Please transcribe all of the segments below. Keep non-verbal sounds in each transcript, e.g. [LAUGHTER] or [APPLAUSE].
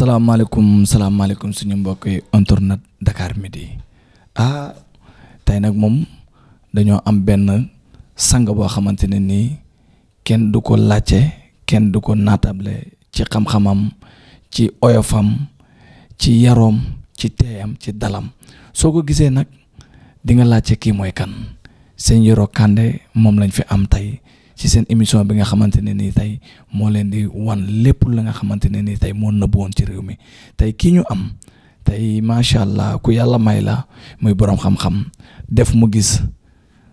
salaamaaleykum salaamaaleykum suñu mbokk yi internet Dakar Midi ah tey nag moom dañoo am benn sang boo xamante ne nii kenn du ko laajte kenn du ko naatable ci xam-xamam ci oyofam ci yaroom ci teeyam ci dalam soo ko gisee nag di nga laajte kii mooy kan sëñ Yoro Kandé moom lañ fi am tey ci seen émission bi nga xamante ne nii tey moo leen di wan lépp la nga xamante ne nii tey moo nëbboon ci réew mi tey kii ñu am tey macha allah ku yàlla may la muy borom xam-xam def mu gis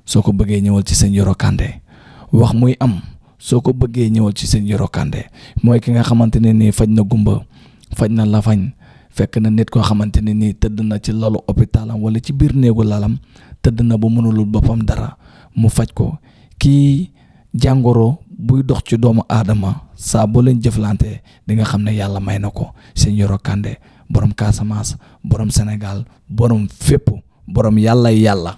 soo ko bëggee ñëwal ci seen Yoro Kandé wax muy am soo ko bëggee ñëwal ci seen Yoro Kandé mooy ki nga xamante ne nii faj na gumba faj na lafañ fekk na nit koo xamante ne nii tëdd na ci lalu hôpitalam wala ci biir néegu lalam tëdd na bu mënulul boppam dara mu faj ko kii jàngoro buy dox ci doomu aadama saa boo leen jëflante di nga xam ne yàlla may na ko sëñ Yoro Kandé borom Casamance borom Sénégal borom fépp borom yàlla yàlla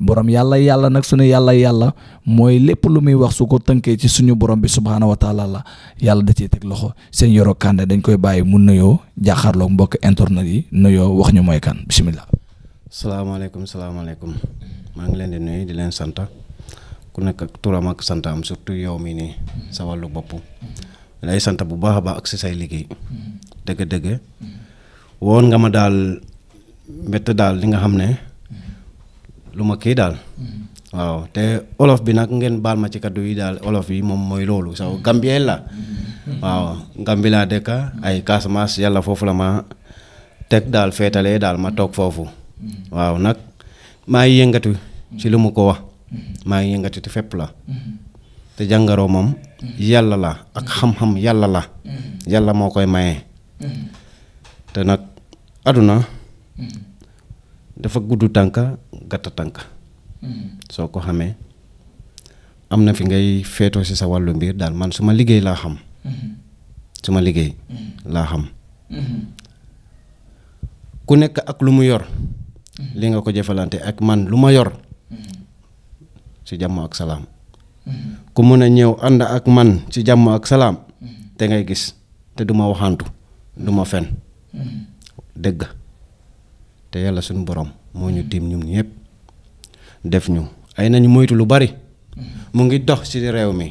borom yàlla yàlla nag suñu yàlla yàlla mooy lépp lu muy wax su ko ci suñu borom bi subhaanahu wa taala la yàlla da ciy teg loxo sëñ Yoro Kandé dañ koy bàyyi mu nuyoo jàkkaarloog mbokk internet yi nuyoo wax ñu mooy kan bisimilah. salaamaaleykum salaamaaleykum maa ngi leen di nuyu di leen sant. ku nekk ak turam ak santam surtout yow mi nii sa wàllu bopp lay sant bu baax a baax ak si say liggéey dëgg-dëgg woon nga ma daal mbett daal li nga xam ne lu ma kii daal waaw te olof bi nag ngeen baal ma ci kaddu yi daal olof yi moom mooy loolu saw gambien la waaw gambi laa dëkk ay Casamance yàlla foofu la ma teg daal feetalee daal ma toog foofu waaw nag maa yëngatu ci lu mu ko wax maa ngi yëngati fépp la te jàngaroo moom yàlla la ak xam-xam yàlla la yàlla moo koy maye te nag àdduna dafa gudd tànk gàtt tànka soo ko xamee am na fi ngay feetoo ci sa wàllu mbir daal man su ma liggéey laa xam su ma liggéey laa xam ku nekk ak lu mu yor li nga ko jëfalante ak man lu ma yor ci jàmm ak salaam ku mën a ñëw ànd ak man ci jàmm ak salaam te ngay gis te du ma waxantu du ma fen dëgg te yàlla suñu boroom moo ñu tiim ñun ñëpp def ñu ay nañu moytu lu bari mu ngi dox ci réew mi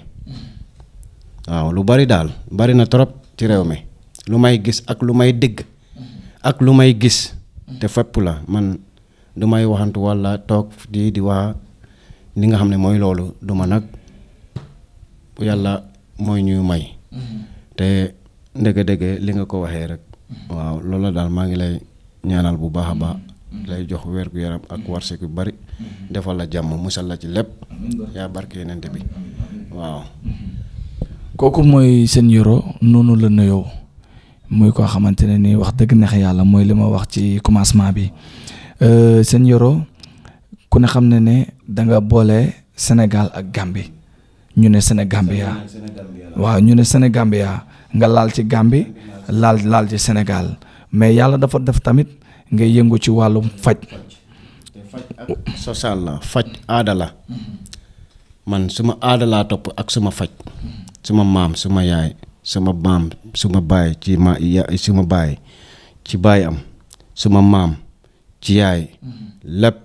waaw lu bari daal bari na trop ci réew mi lu may gis ak lu may dëgg ak lu may gis te fépp la man du may waxantu walla toog di di waa li nga xam ne mooy loolu duma nag yàlla mooy ñu may mm-hmm. te ndëgg-dëgg li nga ko waxee rek mm-hmm. waaw loola daal maa ngi lay ñaanal bu baax a baax mm-hmm. lay jox wér gu yaram ak warse gu bari defal la jàmm musal la ci lépp yaa barke yeneen bi waaw kooku mooy seen Yoro noonu la nuyoo muy koo xamante ne ni wax dëgg neex yàlla mooy li ma wax ci commencement bi euh, seen Yoro ku ne xam ne ne danga boole senegal ak Gambie ñu ne Sénégambia waaw ñu ne Sénégambia nga laal ci Gambie laal laal ci Sénégal mais yàlla dafa def tamit nga yëngu ci wàllu faj. social la man suma aada laa topp ak suma faj suma maam suma yaay suma maam suma baay ci ma baay am suma maam ci yaay mm-hmm. lépp.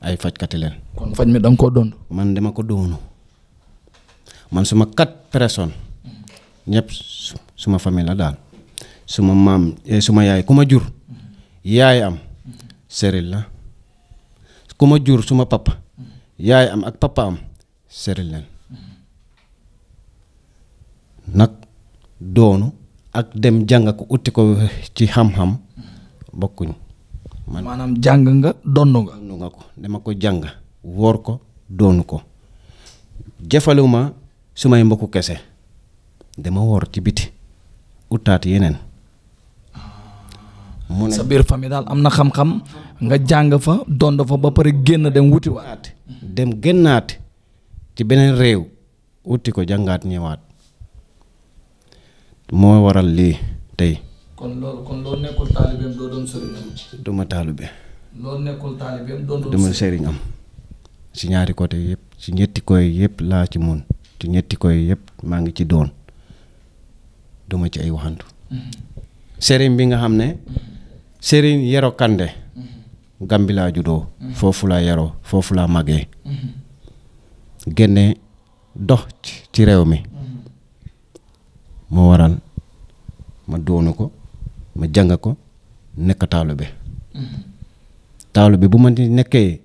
ay fajkati leen. kon faj mi da koo doon. man dema ko doonu man suma quatre personnes ñëpp ma famille la daal suma maam eh, suma yaay ku ma jur yaay am séril la ku ma jur suma papa yaay am ak papa am séril leen nag doonu ak dem jàng ko utti ko ci xam-xam bokkuñu. maanaam jàng nga donn nga. donn ko dama ko jàng woor ko doonu ko jëfaluma sumay mbokku kese dama woor ci biti utaat yeneen. mu sa biir famille daal am na xam-xam nga jàng fa dond fa ba pare génn dem wuti at dem génnaat ci beneen réew wuti ko jàngaat ñëwaat moo waral lii tey kon loolu kon loolu nekkul taalibeem doo taalibeem doo doon du si ñaari côté yëpp si ñetti koy yëpp laa ci mun ci ñetti koy yëpp maa ngi ci doon du ma ci ay waxantu. Mm-hmm. sëriñ bi nga xam ne. Mm-hmm. sëriñ Yero Kande. Mm-hmm. Gambi laa juddoo. foofu laa yaroo foofu laa màggee. génne dox ci réew mi. moo waral ma doonu ko ma jàng ko nekk taalibe taalibe bu ma nekkee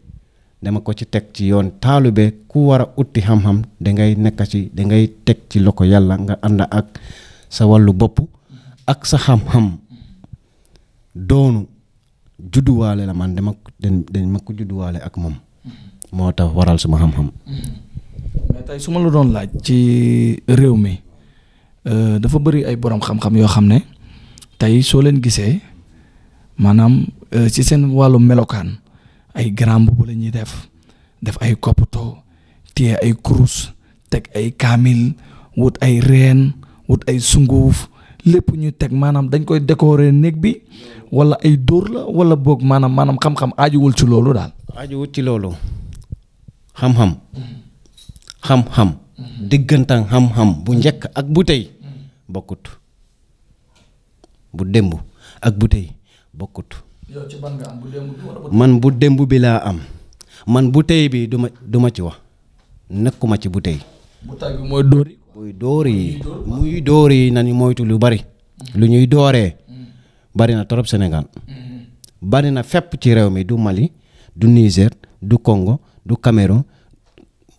dama ko ci teg ci yoon taalibe ku war a utti xam-xam dangay nekk ci dangay teg ci loko yàlla nga ànd ak sa wàllu bopp ak sa xam-xam doonu judduwaale la man dama dañ dañ judduwaale ak moom moo tax waral suma xam-xam mais la doon laaj ci réew mi euh, dafa bëri ay borom xam-xam yoo xam ne tey soo leen gisee maanaam si euh, seen wàllu melokaan ay grand mbubb la ñuy def def ay koppatoo téye ay kurus teg ay kaamil wut ay reen wut ay sunguf lépp ñu teg maanaam dañ koy décorer néeg bi wala ay dóor la wala boog maanaam maanaam xam-xam aajuwul ci loolu daal. aajuwul ci loolu xam-xam. xam-xam. Mm-hmm. diggantaan xam-xam bu njëkk ak bu tey mm-hmm. bu démb ak bu tey man bu démb bi laa am man bu tey bi du ma ci wax nekkuma ci bu tey. bu tey yi. muy dóor yi nañu moytu lu bari. Mm-hmm. lu ñuy dooree. Mm-hmm. bari na trop Sénégal. Mm-hmm. bari na fépp ci réew mi du Mali du Niger du Congo du kamero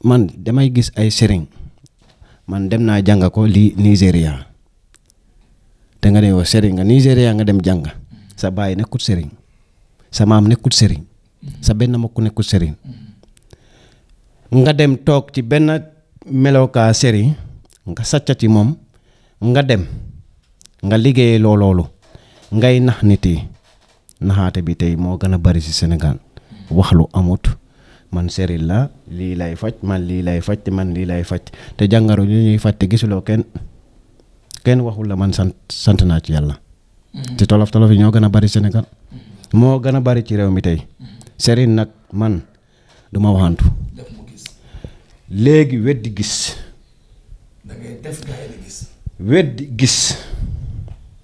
man damay gis ay sëriñ man dem naa jàng ko li Nigéria. te nga ne yow sëriñ nga Nigéria nga dem jàng sa baay nekkul sëriñ sa maam nekkul sëriñ mm. sa benn mbokk nekkul sëriñ nga dem toog ci benn melokaa sëriñ nga sàcca ci moom nga dem nga liggéeye looloolu ngay nax nit yi naxaate bi tey moo gën a bari si Sénégal mm. wax amut man sëriñ la lii lay faj man lii lay faj te man lii lay faj te jàngaro yu ñuy faj te gisuloo kenn kenn waxul la man sant sant naa ci yàlla. Mm-hmm. te tolof tolof yi ñoo gën a bari Sénégal. Mm-hmm. moo gën a bari ci réew mi tey. Mm-hmm. Serigne nag man du waxantu. léegi weddi gis. gis. weddi gis.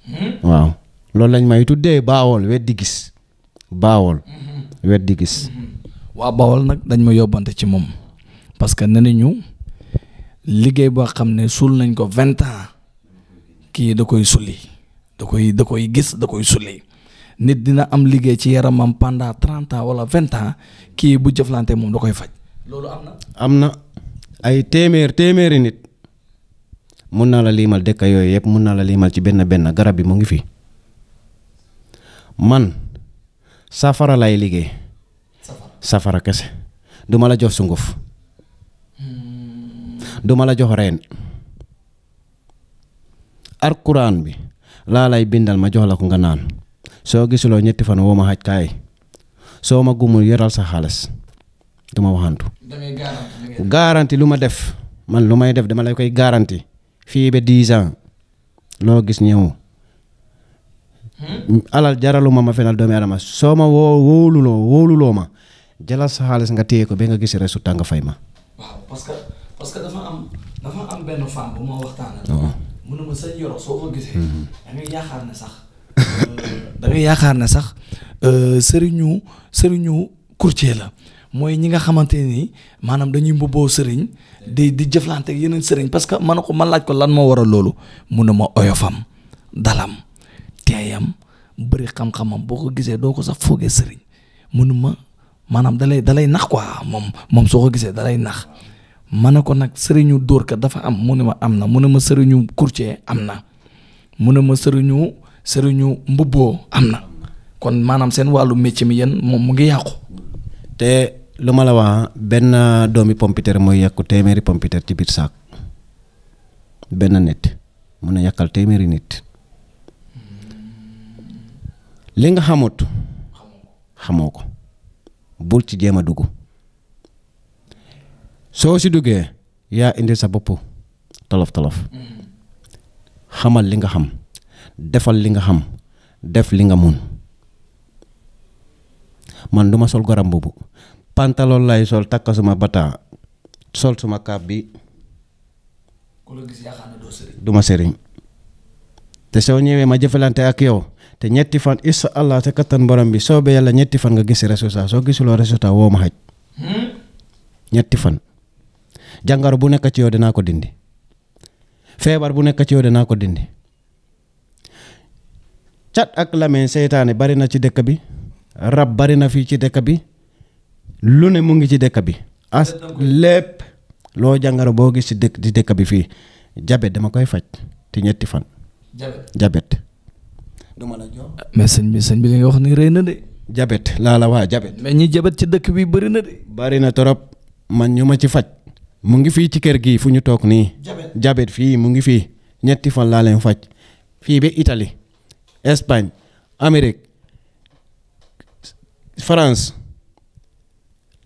Hmm? waaw loolu lañ may tuddee baawol weddi gis. baawol weddi gis. waa baawol nag dañ ma yóbbante ci moom parce que nee nañu liggéey boo xam ne suul nañ ko vingt ans. kii da koy sulli da koy da koy gis da koy sulli nit dina am liggéey ci yaramam pendant trente ans wala vingt ans kii bu jëflante moom da koy faj. loolu am na. ay téeméer téeméeri nit mun naa la liimal dëkk yooyu yëpp mun naa la liimal ci benn benn garab bi mu ngi fi man safara lay liggéey. safara kese du la jox sunguf hmm. duma la jox reen. alquran bi laa lay bindal ma jox la ko nga naan soo gisuloo ñetti fan woo ma xaj kaay soo ma gumul yoral sa xaalis du waxantu. garanti lu ma def man lu may def dama lay koy garanti fii ba dix ans loo gis ñëw hmm? alal jaraluma ma fenal doomi adama soo ma woo wóoluloo wóoluloo ma jalal sa xaalis nga téye ko ba nga gis résultat nga fay ma. mu ne ma sa njoro soo ko gisee. da yaakaar ne sax. da ngay yaakaar ne sax euh, [LAUGHS] euh, sëriñu sëriñu courtier la mooy ñi nga xamante ni maanaam dañuy mbubboo sëriñ di di jëflante yeneen sëriñ parce que man ko man laaj ko lan moo a loolu mun ne ma oyofam dalam teeyam bëri xam-xamam boo ko gisee doo ko sax foogee sëriñ mu ma maanaam dalay dalay nax quoi moom moom soo ko gisee dalay nax. ma ne ko nag sëriñu dóorkat dafa am mu ne ma am na mu ne ma sëriñu courtier am na mu ne ma sëriñu sëriñu mbubboo am na kon maanaam seen wàllu métier mi yéen moom mu ngi yàqu. te lu ma la wax benn doomi pompiteer mooy yàqu téeméeri pompiteer ci biir saak benn nit mun a yàqal téeméeri nit li nga xamut xamoo ko buur ci jéem a dugg. soo si duggee yaa indi sa bopp tolof tolof xamal li nga xam defal li nga xam def li nga mun man duma sol garam boobu pantalon lay sol takk suma bata sol suma kaab bi duma sëriñ te soo ñëwee ma jëfalante ak yow te ñetti fan insha allah sa kattan borom bi soobee yàlla ñetti fan nga gis résultat soo gisuloo résultat woo ma xaj hmm? ñetti fan jàngaro bu nekk ci yow dinaa ko dindi feebar bu nekk ci yow dinaa ko dindi cat ak làmmiñ seytaane bari na ci dëkk bi rab bari na fii ci dëkk bi lu ne mu ngi ci dëkk bi as lépp loo jàngaro boo gis ci dëkk ci dëkk bi fii jabet dama koy faj te ñetti fan jabet duma la jox mais sëñ bi sëñ bi li nga wax ni rëy na de jabet laa la waa jabet mais ñi jabet ci dëkk bi bari na de bari na torop man ñu ma ci faj mu ngi fii ci kër gi fu ñu toog nii. jabet fii mu ngi fii ñetti fan laa leen faj fii bi itali Espagne Amérique France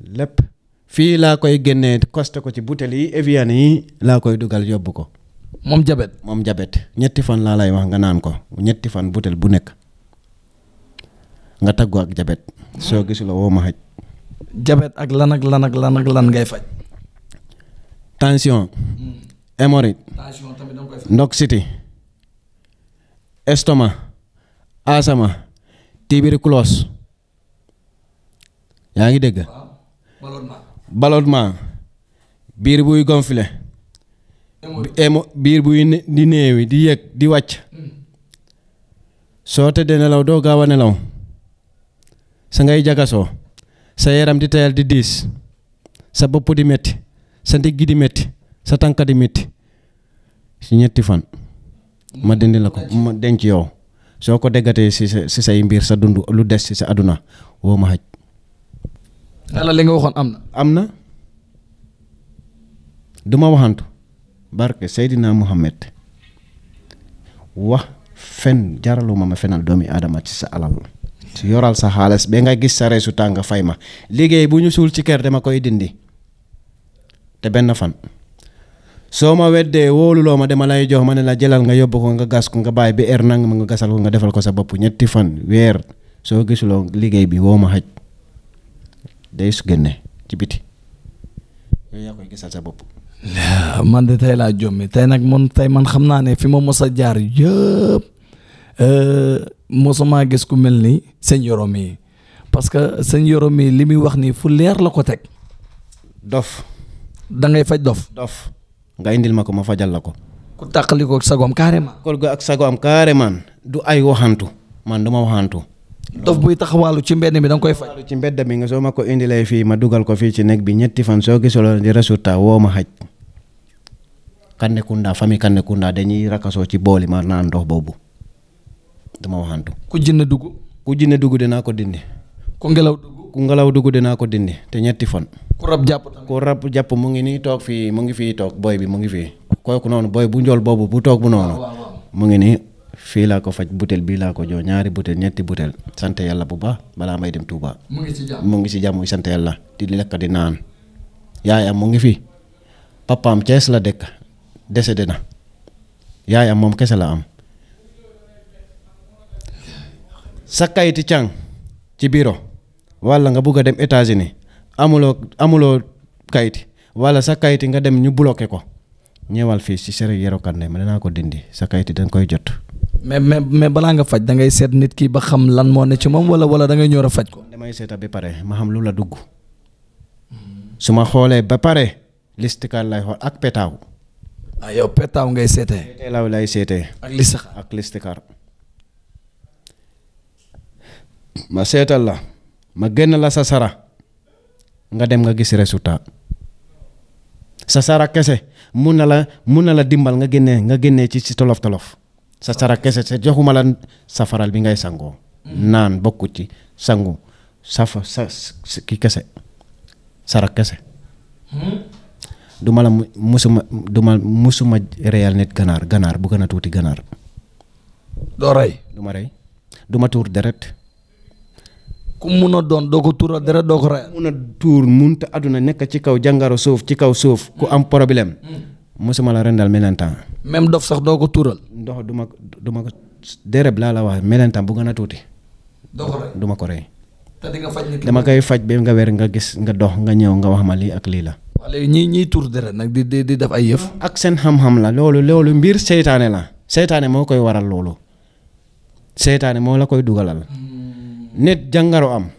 lépp fii laa koy génnee costé ko ci butéel yi Evian yi laa koy dugal yóbbu ko. moom jabet moom jabet ñetti fan laa lay wax nga naan ko ñetti fan butéel bu nekk nga tàggoo ak jabet soo gisuloo woo ma xaj. jabet ak lan ak lan ak lan ak lan ngay faj. tension. Hmm. hémorroïde. tension tamit da nga koy faj. asama. tuberculose. yaa ngi dégg. ballonnement. biir buy gonflé. émo biir buy di néewi di yëg di wàcc. Hmm. soo tëddee nelaw doo gaaw a nelaw. sa ngay jagasoo. sa yaram di tayal di diis. sa bopp di metti sa ndigg di métti sa tànka di métti si ñetti fan ma dindi la ko ma denc yow soo ko déggatee si sa si say mbir sa dund lu des si sa aduna woo ma xaj. ala li nga waxoon am na. am na du ma waxantu barke Seydina Muhammad wax fen jaraluma ma fenal doomi aadama ci sa alal. ci yoral sa xaalis ba nga gis sa reesu tàng fay ma liggéey bu ñu suul ci kër dama koy dindi. te benn fan soo ma weddee wooluloo ma dama lay jox ma ne la jëlal nga yóbbu ko nga gas ko nga bàyyi bi heure nanga ma nga gasal ko nga defal ko sa bopp ñetti fan weer soo gisuloo liggéey bi woo ma xaj day su génne ci biti yooyu yaa koy gisal sa bopp. man de tey laa jommi tey nag man tey man xam naa ne fi ma mos a jaar yëpp euh, mosumaa gis ku mel ni sëñ Yoro mi parce que sëñ Yoro mi li muy wax nii fu leer la ko teg. dof. da ngay faj dof. dof nga indil ma ko ma fajal la ko. ku tàqali ko ak sagoom carrément. kol ak sagoom carrément du ay waxantu man du ma waxantu. dof buy taxawaalu ci mbedd mi danga koy faj. ci mbedd mi nga soo ma ko indilee fii ma dugal ko fii ci nekk bi ñetti fan soo gisuloo di résultat woo ma xaj. Kanekunda famille Kanekunda dañuy rakasoo ci booli ma naan ndox boobu dama waxantu. ku jinne dugg. ku jinne dugg dinaa ko dindi. ku ngelaw ku ngelaw dugg naa ko dindi te ñetti fan. ku rab jàpp ku jàpp mu ngi nii toog fii mu ngi fii toog booy bi mu ngi fii kooku noonu booy bu njool boobu bu toog bu noonu. mu ngi nii fii laa ko faj butéel bii laa ko jox ñaari butel ñetti butel sant yàlla bu baax balaa may dem Touba. mu ngi si jàmm mu ngi si jàmm yàlla di lekk di naan. yaayam mu ngi fi papaam Thiès la dëkk décédé na yaayam moom kese la am. sa kayiti càng ci biiro wala nga bugg a dem États-Unis amuloo amuloo kayit wala sa kayit nga dem ñu bloqué ko ñëwal fii si Seri Yero Kandeh ma dinaa ko dindi sa kayit dañ koy jot. mais mais mais balaa nga faj da ngay seet nit ki ba xam lan ne ci moom wala wala da ñor a faj ko. damay seeta ba pare ma xam lu la dugg su ma xoolee ba pare listikaal lay xool ak petaaw. ah petaaw ngay seetee. petaaw lay seetee. ak listikaar ak listikaar ma seetal la. ma génn la sa sara nga dem nga gis résultat sa sara kese mun na la mun na la dimbal nga génnee nga génnee ci ci tolof tolof sa sara kese sa joxuma la safaral bi ngay sangoo naan bokku ci sangu safa sa ki kese sara kese duma la musuma duma musuma reyal nit ganaar ganaar bu na tuuti ganaar doo rey duma rey duma tuur deret ku mun a doon doo ko tuural dara doo ko rey. mun a tuur munta àdduna nekk ci kaw jàngaro suuf ci kaw suuf ku am problème. Mm. mosuma la rendal melentaan. même dof sax doo ko tuural. ndox du ma ma ko déreb laa la wax melentaan bu gën a tuuti. doo ko ko rey. te dama koy faj ba nga weer nga gis nga dox nga ñëw nga wax ma lii ak lii la. ñii ñi tuur deret nag di di def ay yëf. ak seen xam-xam la loolu loolu mbir seytaane la seytaane moo koy waral loolu seytaane moo la koy dugalal. Mm. nit jàngaro am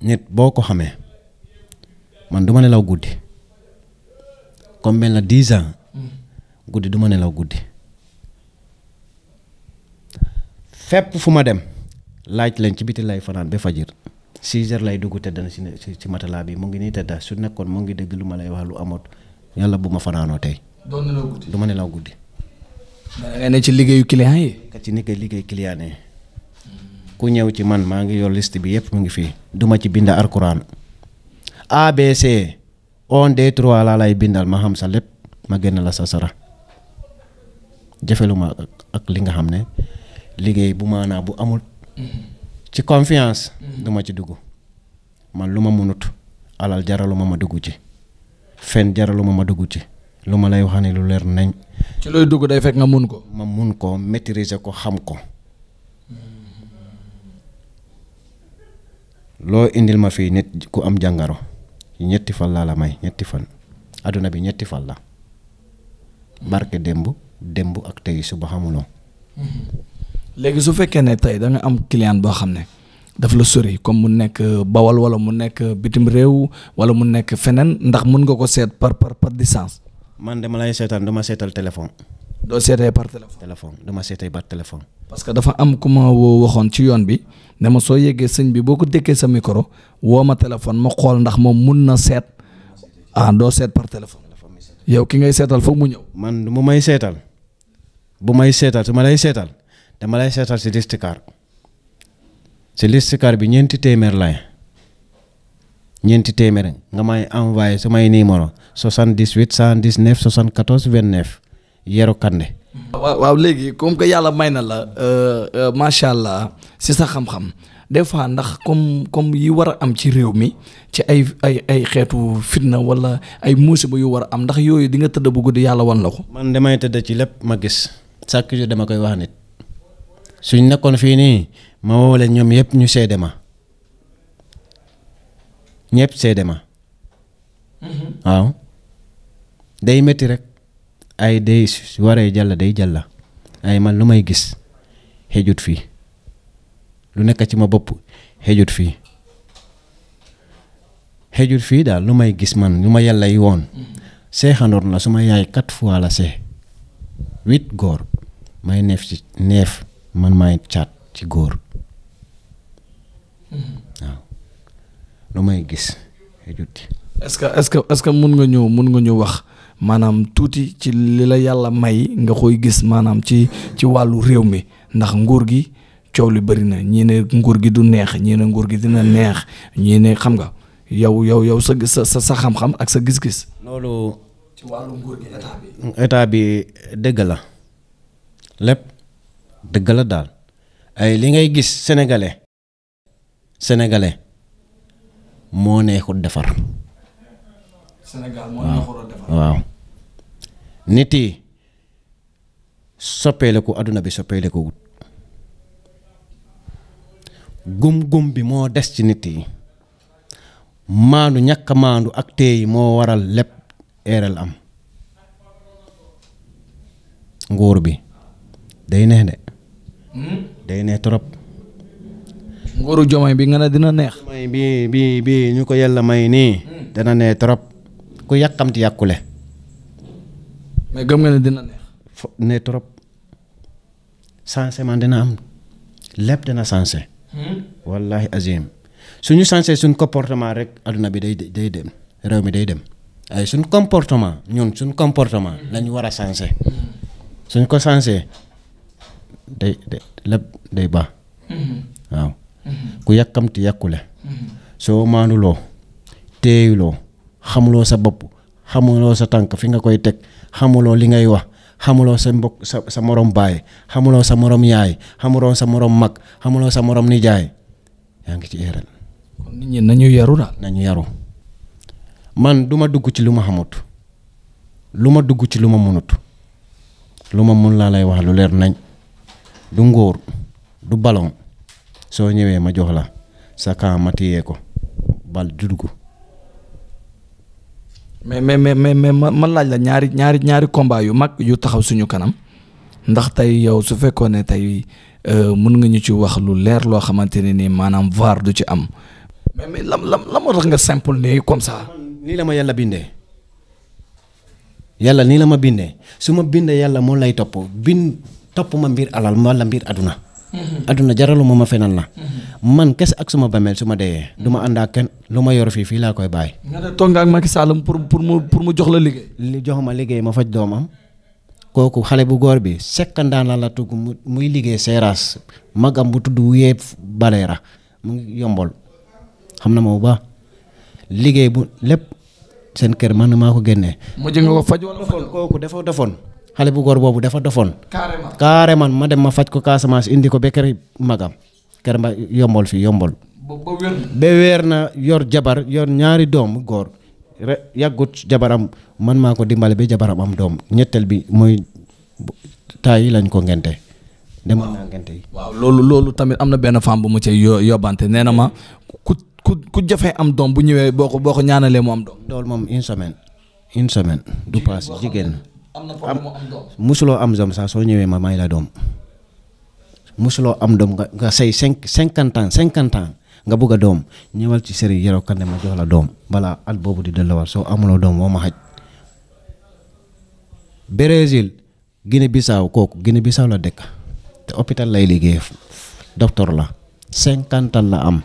nit boo ko xamee man du ma nelaw guddi comme mel na dix ans guddi du ma nelaw guddi fépp fu ma dem laaj leen ci biti lay fanaan ba fajir six heures lay dugg tëdd na si si matala bi mu ngi nii tëdda su nekkoon mu ngi dégg lu ma lay wax lu amoot yàlla bu ma fanaanoo tey. doo nelaw guddi ma nelaw guddi. da ci liggéeyu client ci nekk liggéey client yi. ku ñëw ci man maa ngi yor list bi yëpp mu ngi fii duma ci bind alquran abc un deux trois laa lay bindal ma xam sa lépp ma génn la sa sara jëfeluma ak li nga xam ne liggéey bu maanaa bu amul ci confiance mhm. duma ci dugg man lu ma munut alal jaralu ma ma dugg ci fen jaralu ma ma dugg ci lu ma lay wax ne lu leer nañ ci looy dugg day fekk nga mun ko ma mun ko maîtriser ko xam ko loo indil ma fii nit ku am jàngaro ñetti fan laa la may ñetti fan adduna bi ñetti fan la barke démb démb ak tey suba xamuloo mm-hmm. léegi su fekkee ne tey da am client boo xam ne daf la sori comme mu nekk Bawol wala mu nekk bitim réew wala mu nekk feneen ndax mun nga ko seet par par par distance. man dama lay seetaan dama seetal téléphone. doo seetee par téléphone. téléphone dama seetee par téléphone. parce que dafa am ku ma woo waxoon ci yoon bi ne ma soo yeggee sëñ bi boo ko dékkee sa micro woo ma téléphone ma xool ndax moom mun na seet ah doo seet par téléphone. yow ki ngay seetal foog mu ñëw. man mu may seetal bu may seetal su ma lay seetal dama lay seetal si listikaar si listikaar bi ñeenti téeméer lay ñeenti téeméer nga may envoyé su may numéro 78 119 74 29. Yero Kandé. waaw léegi comme que yàlla may na la euh, euh, macha allah si sa xam-xam des ndax comme comme yi war a am ci réew mi ci ay ay ay xeetu fitna wala ay musiba yu war a am ndax yooyu di nga tëdd bu guddi yàlla wan la ko. man damay tëdd ci lépp ma gis chaque jour dama koy wax nit suñ nekkoon fii nii ma woo leen ñoom yëpp ñu seede ma ñëpp seede ma mm-hmm. waaw day métti rek. ay day waree jàll day jàlla ay man lu may gis xëjut fii lu nekk ci ma bopp xëjut fii xëjut fii daal lu may gis man lu ma yàlla yi woon seexandoor na suma yaay quatre fois la see huit góor may neef ci neef man may caat ci góor waaw lu may gis xëjut est-ce que est-ce que que mun nga ñëw mun nga ñëw wax maanaam tuuti ci li la yàlla may nga koy gis maanaam ci ci wàllu réew mi ndax nguur gi coow li bëri na ñii ne nguur gi du neex ñii ne nguur gi dina neex ñii ne xam nga yow yow yow sa sa sa xam-xam ak sa gis-gis. loolu. ci wàllu nguur gi état bi. dëgg la lépp dëgg la daal ay li ngay gis sénégalais sénégalais moo neexut defar. defar waaw. nit yi soppeeleku àdduna bi soppeeleku wut gum-gum bi moo des ci nit yi maandu ñàkk maandu ak teey moo waral lépp eeral am nguur bi day neex de hmm? day neex trop nguuru Diomaye bi nga ne dina neex Diomaye bi bi bi ñu ko yàlla may nii hmm. dana neex trop ku yàkkamti yàkkule mais gëm nga ne dina neex. ne trop sensé man dina am lépp dina sensé. Hmm? wallahi azim suñu sensé suñ comportement rek adduna bi day day dem réew mi day dem ay suñ comportement ñun suñ comportement hmm. lañu war a sensé hmm. suñ ko sensé day lépp day baax waaw ku yàkkamti yàkkule soo maanuloo teeyuloo xamuloo sa bopp xamuloo sa tànk fi nga koy teg xamuloo li ngay wax xamuloo sa mbokk sa sa morom baay xamuloo sa morom yaay xamuloo sa morom mag xamuloo sa morom nijaay yaa ngi ci erreur. kon nit nañu yaru daal. yaru man duma dugg ci lu ma xamut lu ma dugg ci lu ma mënut lu ma mun laa lay wax lu leer nañ du ngóor du ballon soo ñëwee ma jox la sa kaa ma téye ko bal du dugg mais mais mais mais ma laaj la ñaari ñaari ñaari combat yu mag yu taxaw suñu kanam ndax tey yow su fekkoon ne tey euh, mën nga ñu ci wax lu leer loo xamante ne nii maanaam vaar du ci am. la mais lan lan nga simple nii comme sax nii la ma yàlla bindee yàlla nii la ma bindee su ma bindee yàlla moo lay topp bind topp ma mbir alal ma la mbir aduna. Mhm. adduna jaraluma ma fenal na mhm. man kes ak suma bameel su ma deyee du ma mhm. ànd ak kenn lu ma yor fii fii laa koy bàyyi nga ne toog nga ak Macky Sall pour pour mu pour mu jox la liggéey li jox ma liggéey ma faj doomam kooku xale bu góor bi sekkandaan la la tugg muy liggéey seeraas magam bu tudd wuyee baleera mu ngi yombol xam na ma bu liggéey bu lépp seen kër man maa ko génnee. mujj nga ko faj wala kooku dafa defoon xale bu góor boobu dafa dofoon. carrément man ma dem ma faj ko Casamance indi ko ba kër magam kër ma yombol fii yombol. ba weer na yor jabar yor ñaari doom góor re yàggut jabaram man maa ko dimbale ba jabaram am doom ñetteel bi muy taay yi lañ ko ngente. demoon naa ngente yi. waaw loolu loolu tamit am na benn femme bu mu cay yo yóbbante nee na ma ku ku ku jafee am doom bu ñëwee boo ko boo ko ñaanalee mu am doom. loolu moom une semaine une semaine. du paas jigéen am am doom musuloo am doom sax soo ñëwee ma may la doom musuloo am doom nga nga say cinq cinquante ans cinquante ans nga bëgg a doom ñëwal ci sëriñ Yoro Kandè ma jox la doom balaa at boobu di delloo soo amuloo doom woo ma xaj Brésil Guinée Bissau kooku Guinée Bissau la dëkk te hôpital lay liggéey docteur la cinquante ans la am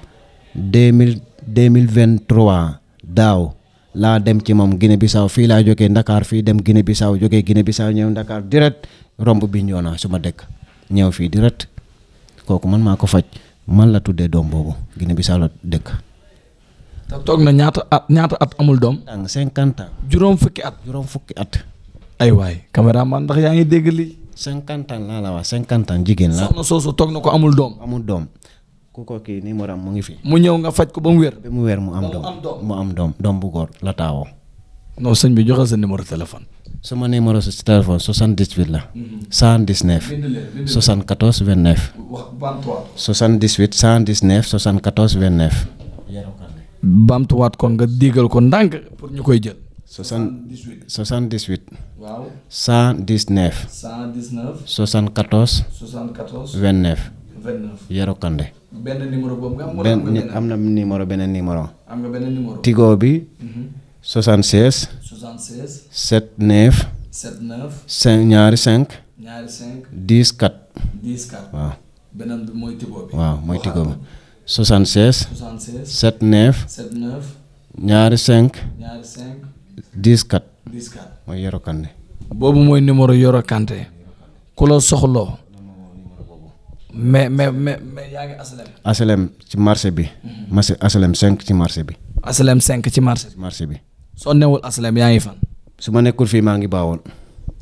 deux mille deux mille vingt trois daaw laa dem ci moom gine Bissau fii laa jógee Ndakaar fii dem Guinée Bissau jógee gine Bissau ñëw Ndakaar direct romb bi ñoona su ma dëkk ñëw fii direct kooku man maa ko faj man la tuddee doom boobu gine Bissau la dëkk. te toog na ñaata at ñaata at amul doom. tàng cinquante juróom fukki at. juróom fukki at. ay waay caméraman ndax yaa ngi dégg lii. cinquante ans laa la wax cinquante ans jigéen la. soxna soosu toog na ko amul doom. amul doom ku ko kii numéro am mu ngi fi. mu ñëw nga faj ko ba mu wér. ba mu wér mu am doom mu am doom doom bu góor la taawoo. non sëñ bi joxe sa numéro téléphone. sama numéro sa téléphone 78 la. 119. 74 29. 78 119 74 29. baamtuwaat kon nga digal ko ndànk pour ñu koy jël. 78 78. waaw 119. 119. 74. 74. 29. 29 Yoro Kandè. benn numéro boobu numéro beneen numéro. am nga beneen numéro. Tigo bi. 76. 76. 79. 79. 5 ñaari 5. ñaari 5. 10 4. 10 ñaari 5. ñaari 5. mooy Yoro boobu mooy numéro Yoro ku la soxloo. mais mais mais mais yaa ngi aslem. ci marché bi. Mhm. marché aslem 5 ci marché bi. aslem 5 ci marché bi. marché bi. soo newul yaa ngi fan. su ma nekkul fii maa ngi baawoon.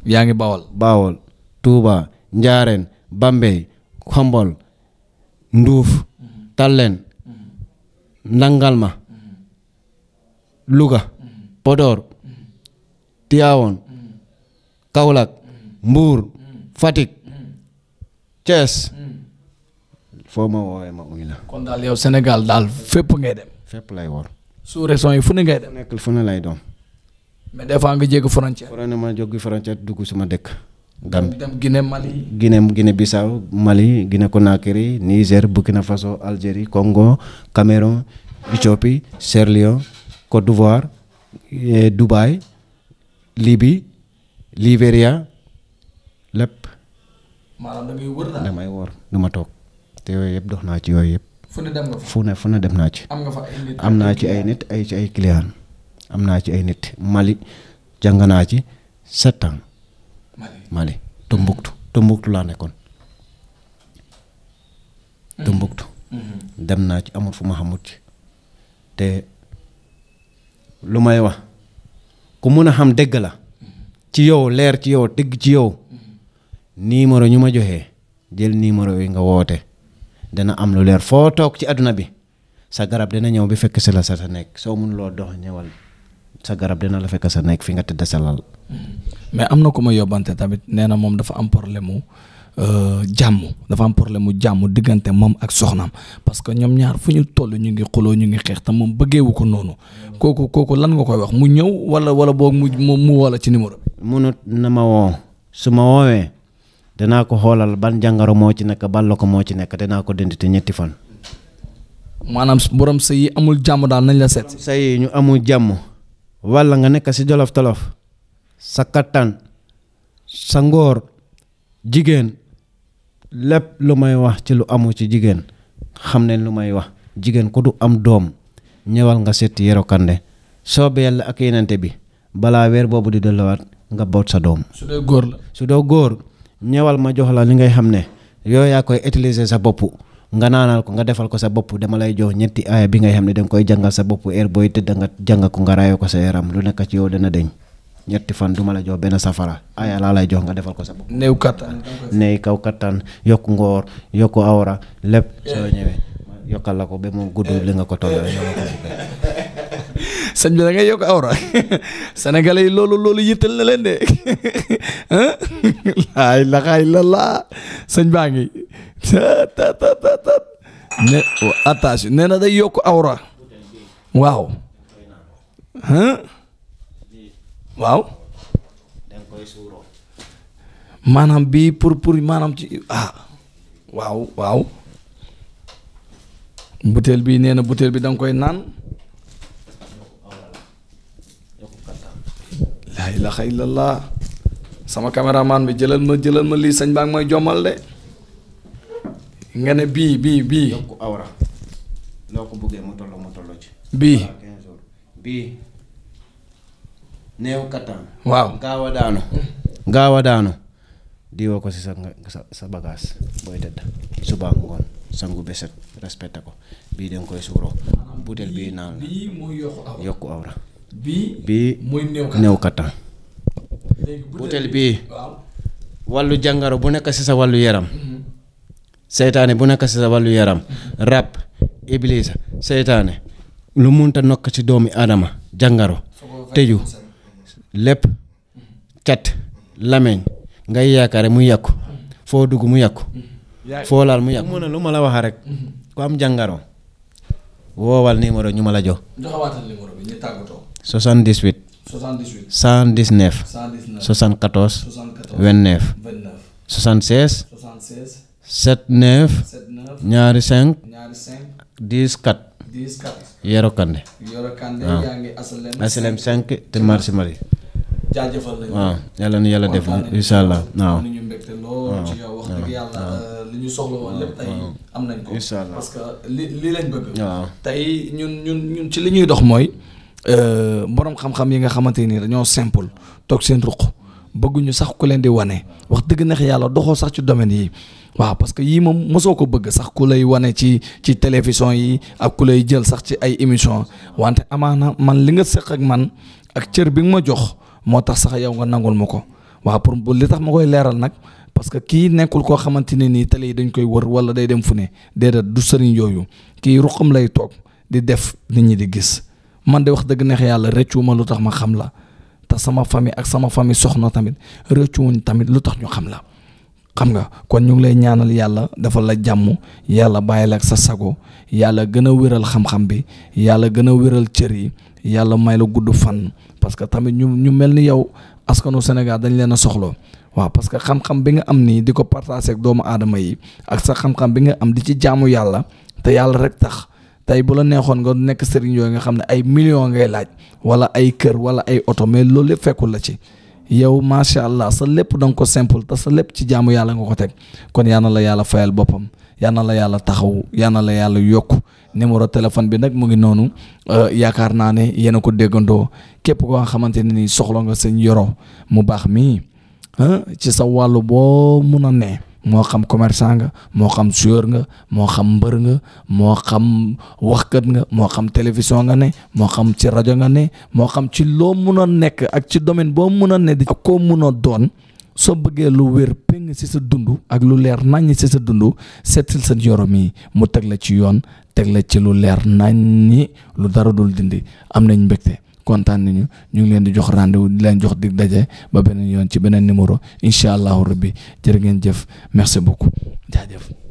yaa ngi bawol. bawol Touba Ndiarène Bambey Xombol Nduuf. Tallen Ndangalma Louga. Podor. Tivaouane. Kaolack. Mbour. Fatick. Thiès. foo ma woowee ma uy la. kon daal yow Sénégal daal fépp ngay lay wor. sous région yi fu ne ngay dem. nekk fu ne lay doom. mais des fois nga jéggi frontière. na ma jóg frontière dugg suma dëkk. Gambie dem Guinée Mali. Guinée Mali Guinée Conakry Niger Burkina Faso Algérie Congo Cameroun Éthiopie Sierra Leone Côte d'Ivoire eh, Dubaï Libye Libéria lépp. damay wër du toog. te yooyu yëpp dox naa ci yooyu yëpp. fu ne dem fu ne fu naa ci. am am naa ci ay nit ay ci ay client am naa ci ay nit Mali jàng naa ci sept ans. Mali Mali Tombouctou laa nekkoon. Mm-hmm. Tombouctou. Mm-hmm. dem naa ci amul fu ma xamut ci te lu may wax ku mun a xam dëgg la mm-hmm. ci yow leer ci yow dëgg ci yow numéro ñu ma joxee jël numéro yi nga woote dana am lu leer foo toog ci àdduna bi sa garab dana ñëw bi fekk si la sa sa nekk soo mun loo dox ñëwal sa garab dina la fekk sa nekk fi nga tëdd sa mais am na ku ma yóbbante tamit nee na moom dafa am problème mu euh, jàmm dafa am problème mu jàmm diggante moom ak soxnaam parce que ñoom ñaar fu ñu toll ñu ngi xuloo ñu ngi xeex te moom bëggeewu ko noonu kooku kooku lan nga koy wax mu ñëw wala wala boo mu mu wala ci numéro bi. munut na ma woo su ma woowee danaa ko xoolal ban jàngoro moo ci nekk ban la ko moo ci nekk danaa ko dend te ñetti fan. maanaam borom sëy yi amul jàmm daal nañ la seet. borom yi ñu amul jàmm. walla nga nekk si jolof tolof. sa kattan. sa ngóor. jigéen. lépp lu may wax ci lu amu ci jigéen. xam ne lu may wax. jigéen ku du am doom. ñëwal nga seet Yoro Kandè. soobe yàlla ak yenente bi. balaa weer boobu di delluwaat nga boot sa doom. su dee góor. ñëwal ma jox la li ngay xam ne yooyu yaa koy utiliser sa bopp nga naanaal ko nga defal ko sa bopp dama lay jox ñetti aaya bi ngay xam ne danga koy jàngal sa bopp heure booy tëdd nga jànga ko nga raayoo ko sa yaram lu nekk ci yow dana deñ ñetti fan duma la jox benn safara aaya laa lay jox nga defal ko sa bopp. néew kattan néew kaw kattan yokk ngoor yokk awra lépp soo ñëwee yokkal la ko ba mu gudd li nga ko toll sëñ bi da ngay yokk awra [LAUGHS] sénégalais yi loolu loolu yittal na leen de laa [LAUGHS] [LAUGHS] ilaaha illallaah sëñ baa ngi ne attention nee na day yokk awra waaw waaw maanaam bii pour pour maanaam ci ah waaw waaw butéel bii nee na butéel bi da nga koy naan la ilaaha illallah sama caméraman bi jëlal ma jëlal ma lii sañ baa ngi may jommal de nga ne bii bii bii. yokk awra loo ko ci. bii bii waaw gaaw a daanu. gaaw a daanu. diwoo ko si sa sa sa bagage booy tëdd suba ngoon sangu beset respecté ko bii danga koy suuroo butel bii naan la awra bii muy mooy néew kattan butéel bii wàllu jàngaro bu nekk si sa wàllu yaram mhm. seytaane bu nekk si sa wàllu yaram mhm. rab iblis seytaane lu munta nokk ci doomi aadama jàngaro tëju lépp mhm. cat lameñ ngay yaakaare mu yàqu foo dugg mu yàqu foo laal mu yàqu mu ne lu ma la wax rek ku am jàngaro woowal numéro ñu ma la jox. joxewaatal numéro bi ñu tàggatoo. 78. 78. 119. 119. 74. 74. 29. 29. 76. ñaari 5. ñaari 5. 10 4. 10 4. te marché Mali. jaajëfal yàlla na yàlla def. incha allah waaw ñu soxla woon lépp tey am nañ ko incha allah parce lii lañ tey ñun ñun ñun ci li ñuy dox mooy euh, borom xam-xam yi nga xamante ni dañoo simple toog seen ruq bëgguñu sax ku leen di wane wax dëgg neex yàlla doxoo sax ci domaine yi waaw parce que yii moom mosoo ko bëgg sax ku lay wane ci ci télévision yi ak ku lay jël sax ci ay émission wante amaana man li nga sëq ak man ak cër bi nga ma jox moo tax sax yow nga nangul ma ko waaw pour li tax ma koy leeral nag parce que kii nekkul koo xamante ne nii tele yi dañ koy wër wala day dem fu ne déedéet du sëriñ yooyu kii ruqam lay toog di def nit ñi di gis man de wax dëgg neex yàlla rëccu ma lu tax ma xam la te sama famille ak sama famille soxna tamit rëccuwuñ tamit lu tax ñu xam la xam nga kon ñu ngi lay ñaanal yàlla dafa la jàmm yàlla bàyyi la ak sa sago yàlla gën a wéral xam-xam bi yàlla gën a wéral cër yi yàlla may la gudd fan parce que tamit ñu ñu mel ni yow askanu Sénégal dañ leen a soxloo waaw parce que xam-xam bi nga am nii di ko partager ak doomu aadama yi ak sa xam-xam bi nga am di ci jaamu yàlla te yàlla rek tax tey bu la neexoon nga nekk sëriñ yooyu nga xam ne ay millions ngay laaj wala ay kër wala ay oto mais loolu lépp fekkul la ci yow macha allah sa lépp da nga ko simple te sa lépp ci jaamu yàlla nga ko teg kon yal la yàlla fayal boppam yal la yàlla taxaw yal la yàlla yokk numéro téléphone bi nag mu ngi noonu euh, yaakaar naa ne yéen a ko déggandoo képp koo xamante ne nii soxla nga sëñ Yoro mu baax mii. ci sa wàllu boo mun a ne moo xam commerçant nga moo xam joueur nga moo xam mbër nga moo xam waxkat nga moo xam télévision nga ne moo xam ci rajo nga ne moo xam ci loo mun a nekk ak ci domaine boo mun a ne di ak koo mun a doon soo bëggee lu wér péng si sa dundu ak lu leer naññ si sa dundu seetal sa yorom yi mu teg la ci yoon teg la ci lu leer nañ naññi lu dara dul dindi am nañ mbégte kontaan nañu ñu ngi leen di jox rendez-vous di leen jox dig daje ba beneen yoon ci beneen numéro incha allahu rabbi jërë ngeen jëf merci beaucoup jaajëf.